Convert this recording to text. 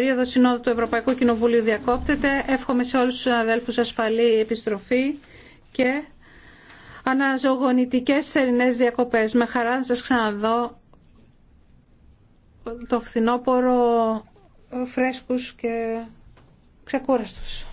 περίοδο Συνόδου του Ευρωπαϊκού Κοινοβουλίου διακόπτεται. Εύχομαι σε όλους τους αδέλφους ασφαλή επιστροφή και αναζωογονητικές θερινές διακοπές. Με χαρά να σας ξαναδώ το φθινόπωρο φρέσκους και ξεκούραστους.